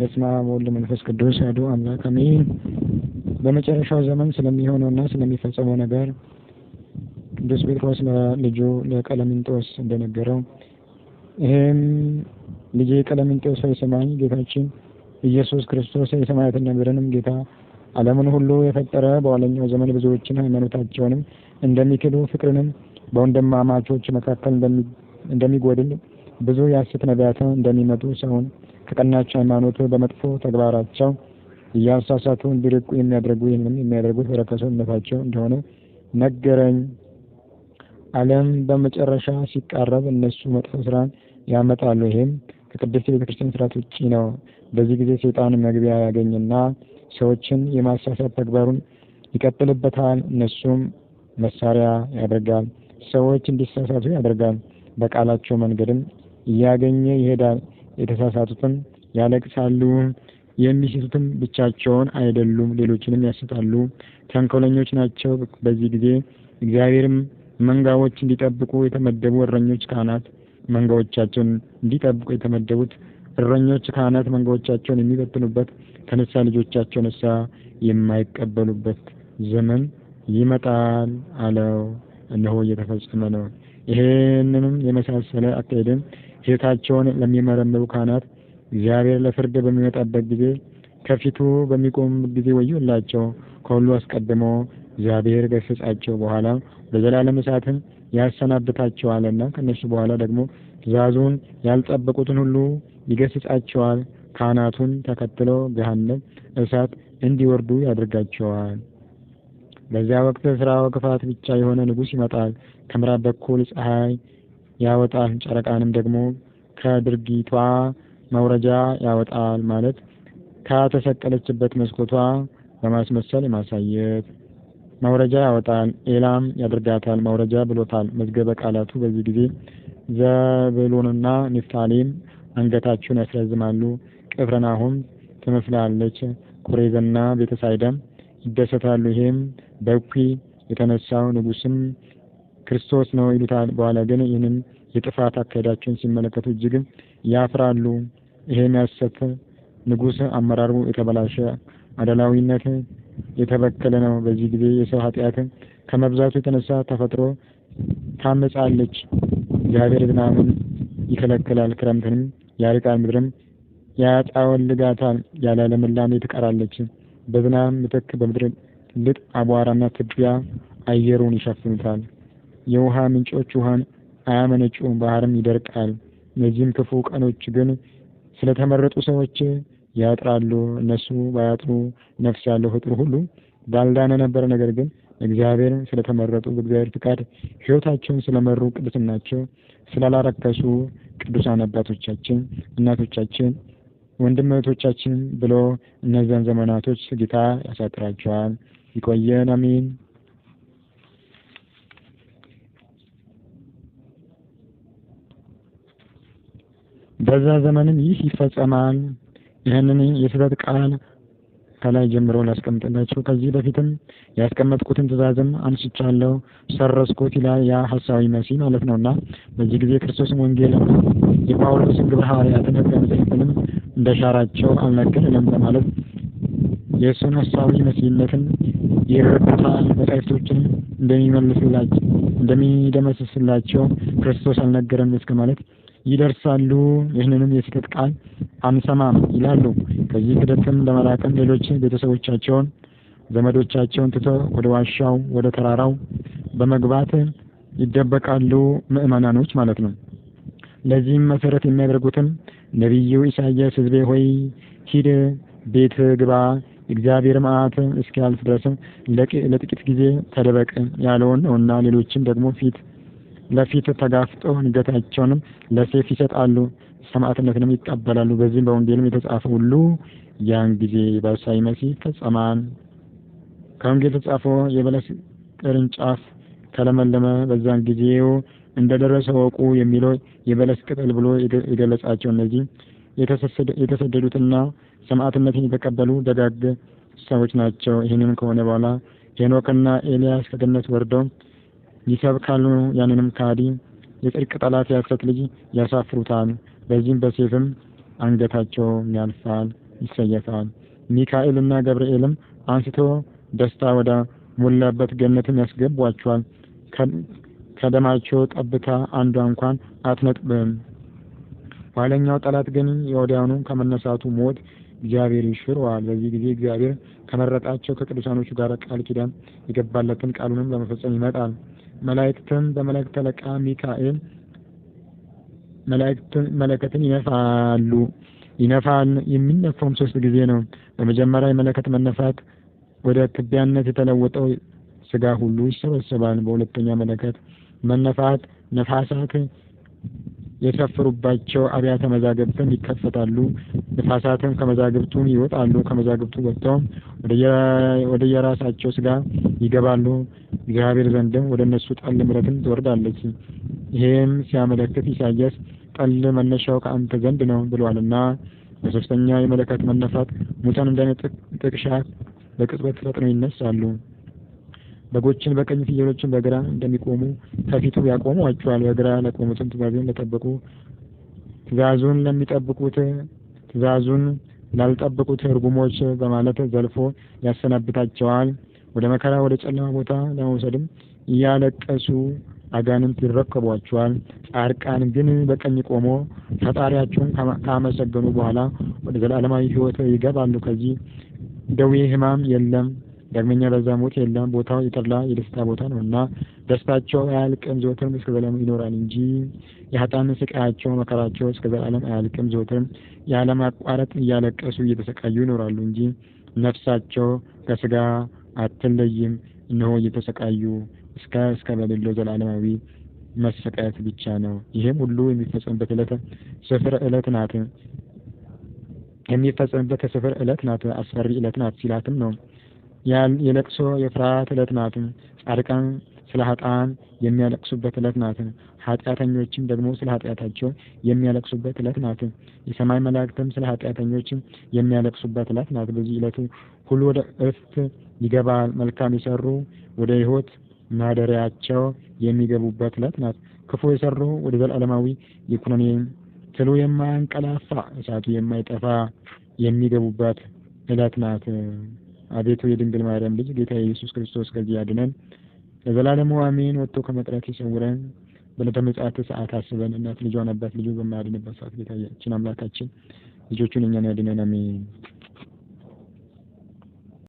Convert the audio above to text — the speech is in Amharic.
በስመ አብ ወወልድ መንፈስ ቅዱስ አሐዱ አምላክ አሜን። በመጨረሻው ዘመን ስለሚሆነውና ስለሚፈጸመው ነገር ቅዱስ ጴጥሮስ ለልጁ ለቀለሚንጦስ እንደነገረው ይህም ልጄ ቀለሚንጦስ የሰማኝ ጌታችን ኢየሱስ ክርስቶስ የሰማያትን ነገርንም ጌታ ዓለምን ሁሉ የፈጠረ በኋለኛው ዘመን ብዙዎችን ሃይማኖታቸውንም እንደሚክዱ ፍቅርንም በወንድማማቾች መካከል እንደሚጎድል ብዙ የሐሰት ነቢያትን እንደሚመጡ ሰውን ከቀናች ሃይማኖት በመጥፎ ተግባራቸው እያሳሳቱ እንዲርቁ የሚያደርጉ ይህንም የሚያደርጉት በረከሰ እምነታቸው እንደሆነ ነገረኝ። ዓለም በመጨረሻ ሲቃረብ እነሱ መጥፎ ስራን ያመጣሉ። ይህም ከቅድስት ቤተክርስቲያን ስርዓት ውጭ ነው። በዚህ ጊዜ ሰይጣን መግቢያ ያገኝና ሰዎችን የማሳሳት ተግባሩን ይቀጥልበታል። እነሱም መሳሪያ ያደርጋል፣ ሰዎች እንዲሳሳቱ ያደርጋል። በቃላቸው መንገድም እያገኘ ይሄዳል። የተሳሳቱትም ያለቅሳሉ፣ የሚስቱትም ብቻቸውን አይደሉም፣ ሌሎችንም ያስታሉ፣ ተንኮለኞች ናቸው። በዚህ ጊዜ እግዚአብሔርም መንጋዎች እንዲጠብቁ የተመደቡ እረኞች ካህናት መንጋዎቻቸውን እንዲጠብቁ የተመደቡት እረኞች ካህናት መንጋዎቻቸውን የሚበትኑበት ከነሳ ልጆቻቸው ነሳ የማይቀበሉበት ዘመን ይመጣል አለው። እነሆ እየተፈጸመ ነው። ይህንንም የመሳሰለ አካሄድን ጌታቸውን ለሚመረምሩ ካህናት እግዚአብሔር ለፍርድ በሚመጣበት ጊዜ ከፊቱ በሚቆም ጊዜ ወዮላቸው። ከሁሉ አስቀድሞ እግዚአብሔር ገሰጻቸው፣ በኋላ በዘላለም እሳትን ያሰናብታቸዋልና ከነሱ በኋላ ደግሞ ትእዛዙን ያልጠበቁትን ሁሉ ይገስጻቸዋል። ካህናቱን ተከትለው ገሃነም እሳት እንዲወርዱ ያደርጋቸዋል። በዚያ ወቅት ስራው ክፋት ብቻ የሆነ ንጉሥ ይመጣል። ከምዕራብ በኩል ፀሐይ ያወጣል፣ ጨረቃንም ደግሞ ከድርጊቷ መውረጃ ያወጣል ማለት ከተሰቀለችበት መስኮቷ በማስመሰል የማሳየት መውረጃ ያወጣል፣ ኤላም ያደርጋታል መውረጃ ብሎታል። መዝገበ ቃላቱ በዚህ ጊዜ ዘብሎንና ኒፍታሊም አንገታቸውን ያስረዝማሉ። ቅፍርናሆም ትመስላለች። ኮሬዝና ቤተሳይደም ይደሰታሉ። ይሄም በኩ የተነሳው ንጉስም ክርስቶስ ነው ይሉታል። በኋላ ግን ይህንን የጥፋት አካሄዳቸውን ሲመለከቱ እጅግም ያፍራሉ። ይሄን ያሰተ ንጉሥ አመራሩ የተበላሸ አደላዊነት የተበከለ ነው። በዚህ ጊዜ የሰው ኃጢአት ከመብዛቱ የተነሳ ተፈጥሮ ታመጻለች። እግዚአብሔር ዝናምን ይከለክላል፣ ክረምትንም ያርቃል፣ ምድርም ያጣወልጋታል፣ ያለ ልምላሜ ትቀራለች። በዝናም ምትክ በምድር ልጥ አቧራና ትቢያ አየሩን ይሸፍኑታል። የውሃ ምንጮች ውሃን አያመነጩም፣ ባህርም ይደርቃል። እነዚህም ክፉ ቀኖች ግን ስለተመረጡ ሰዎች ያጥራሉ። እነሱ ባያጥሩ ነፍስ ያለው ፍጡር ሁሉ ባልዳነ ነበር። ነገር ግን እግዚአብሔር ስለተመረጡ በእግዚአብሔር ፍቃድ ሕይወታቸውን ስለመሩ ቅድስናቸው ስላላረከሱ ቅዱሳን አባቶቻችን፣ እናቶቻችን፣ ወንድም እህቶቻችን ብሎ እነዚያን ዘመናቶች ጌታ ያሳጥራቸዋል። ይቆየን። አሜን። በዛ ዘመንም ይህ ይፈጸማል። ይህንን የስህተት ቃል ከላይ ጀምሮ ላስቀምጥላችሁ። ከዚህ በፊትም ያስቀመጥኩትን ትእዛዝም አንስቻለሁ፣ ሰረስኩት ይላል ያ ሀሳዊ መሲ ማለት ነው። እና በዚህ ጊዜ ክርስቶስን ወንጌል የጳውሎስን ግብረ ሐዋርያትን ሕገ መጽሐፍትንም እንደ ሻራቸው አልነገርንም በማለት የእሱን ሀሳዊ መሲነትን ይረዱታል። መጻሕፍቶችን እንደሚመልስላቸው እንደሚደመስስላቸው ክርስቶስ አልነገረም እስከ ማለት ይደርሳሉ። ይህንንም የስህተት ቃል አንሰማም ይላሉ። ከዚህ ክደትም ለመላቀም ሌሎች ቤተሰቦቻቸውን ዘመዶቻቸውን ትቶ ወደ ዋሻው ወደ ተራራው በመግባት ይደበቃሉ፣ ምዕመናኖች ማለት ነው። ለዚህም መሰረት የሚያደርጉትም ነቢዩ ኢሳያስ ሕዝቤ ሆይ ሂድ ቤት ግባ እግዚአብሔር መዓት እስኪያልፍ ድረስም ለጥቂት ጊዜ ተደበቅ ያለውን ነውና ሌሎችም ደግሞ ፊት ለፊቱ ተጋፍጠው አንገታቸውንም ለሴፍ ይሰጣሉ፣ ሰማዕትነትንም ይቀበላሉ። በዚህም በወንጌልም የተጻፈ ሁሉ ያን ጊዜ ባሳይ መሲ ይፈጸማል። ከወንጌል የተጻፈው የበለስ ቅርንጫፍ ከለመለመ በዛን ጊዜው እንደደረሰ ወቁ የሚለው የበለስ ቅጠል ብሎ የገለጻቸው እነዚህ የተሰደዱትና ሰማዕትነትን የተቀበሉ ደጋግ ሰዎች ናቸው። ይህንም ከሆነ በኋላ ሄኖክና ኤልያስ ከገነት ወርደው ይሰብካሉ፣ ያንንም ካዲ የጽድቅ ጠላት የሐሰት ልጅ ያሳፍሩታል። በዚህም በሴፍም አንገታቸው ያልፋል፣ ይሰየፋል። ሚካኤልና ገብርኤልም አንስቶ ደስታ ወደ ሞላበት ገነትም ያስገቧቸዋል። ከደማቸው ጠብታ አንዷ እንኳን አትነጥብም። ኋለኛው ጠላት ግን የወዲያውኑ ከመነሳቱ ሞት እግዚአብሔር ይሽረዋል። በዚህ ጊዜ እግዚአብሔር ከመረጣቸው ከቅዱሳኖቹ ጋር ቃል ኪዳን የገባለትን ቃሉንም ለመፈጸም ይመጣል። መላእክትን በመላእክት አለቃ ሚካኤል መለከትን ይነፋሉ ይነፋል የሚነፋውም ሶስት ጊዜ ነው። በመጀመሪያ የመለከት መነፋት ወደ ትቢያነት የተለወጠው ስጋ ሁሉ ይሰበሰባል። በሁለተኛ መለከት መነፋት ነፋሳት የሰፈሩባቸው አብያተ መዛግብትም ይከፈታሉ። ንፋሳትም ከመዛግብቱም ይወጣሉ። ከመዛግብቱ ወጥተውም ወደ የራሳቸው ስጋ ይገባሉ። እግዚአብሔር ዘንድም ወደ እነሱ ጠል ምረትም ትወርዳለች። ይሄም ሲያመለክት ኢሳያስ ጠል መነሻው ከአንተ ዘንድ ነው ብሏልና በሶስተኛ የመለከት መነፋት ሙታን እንደ ጥቅሻ በቅጽበት ፈጥነው ይነሳሉ። በጎችን በቀኝ ፍየሎችን በግራ እንደሚቆሙ ከፊቱ ያቆሟቸዋል። በግራ ለቆሙትም ትእዛዙን ለጠበቁ ትእዛዙን ለሚጠብቁት ትእዛዙን ላልጠበቁት እርጉሞች በማለት ዘልፎ ያሰናብታቸዋል። ወደ መከራ ወደ ጨለማ ቦታ ለመውሰድም እያለቀሱ አጋንንት ይረከቧቸዋል። ጻድቃን ግን በቀኝ ቆሞ ፈጣሪያቸውን ካመሰገኑ በኋላ ወደ ዘላለማዊ ሕይወት ይገባሉ። ከዚህ ደዌ ሕማም የለም። ዳግመኛ በዛ ሞት የለም። ቦታው የጠላ የደስታ ቦታ ነው እና ደስታቸው አያልቅም ዘወትርም እስከ ዘላለም ይኖራል እንጂ የሀጣን ስቃያቸው መከራቸው እስከ ዘላለም አያልቅም ዘወትርም ያለማቋረጥ እያለቀሱ እየተሰቃዩ ይኖራሉ እንጂ ነፍሳቸው ከስጋ አትለይም። እነሆ እየተሰቃዩ እስከ እስከ በሌለው ዘላለማዊ መሰቃየት ብቻ ነው። ይህም ሁሉ የሚፈጸምበት ዕለት ስፍር ዕለት ናት የሚፈጸምበት ከስፍር ዕለት ናት አስፈሪ ዕለት ናት ሲላትም ነው የለቅሶ የፍርሃት ዕለት ናት። ጻድቃን ስለ ኃጥአን የሚያለቅሱበት ዕለት ናት። ኃጢአተኞችም ደግሞ ስለ ኃጢአታቸው የሚያለቅሱበት ዕለት ናት። የሰማይ መላእክትም ስለ ኃጢአተኞችም የሚያለቅሱበት ዕለት ናት። በዚህ ዕለቱ ሁሉ ወደ እፍት ይገባል። መልካም የሰሩ ወደ ሕይወት ማደሪያቸው የሚገቡበት ዕለት ናት። ክፉ የሰሩ ወደ ዘላለማዊ የኩነኔ ትሉ የማያንቀላፋ እሳቱ የማይጠፋ የሚገቡበት ዕለት ናት። አቤቱ የድንግል ማርያም ልጅ ጌታ ኢየሱስ ክርስቶስ ከዚህ ያድነን፣ ለዘላለሙ አሜን። ወጥቶ ከመቅረት ይሰውረን። በዕለተ ምጽአት ሰዓት አስበን። እናት ልጇን አባት ልጁ በማያድንበት ሰዓት ጌታችን አምላካችን ልጆቹን እኛን ያድነን። አሜን።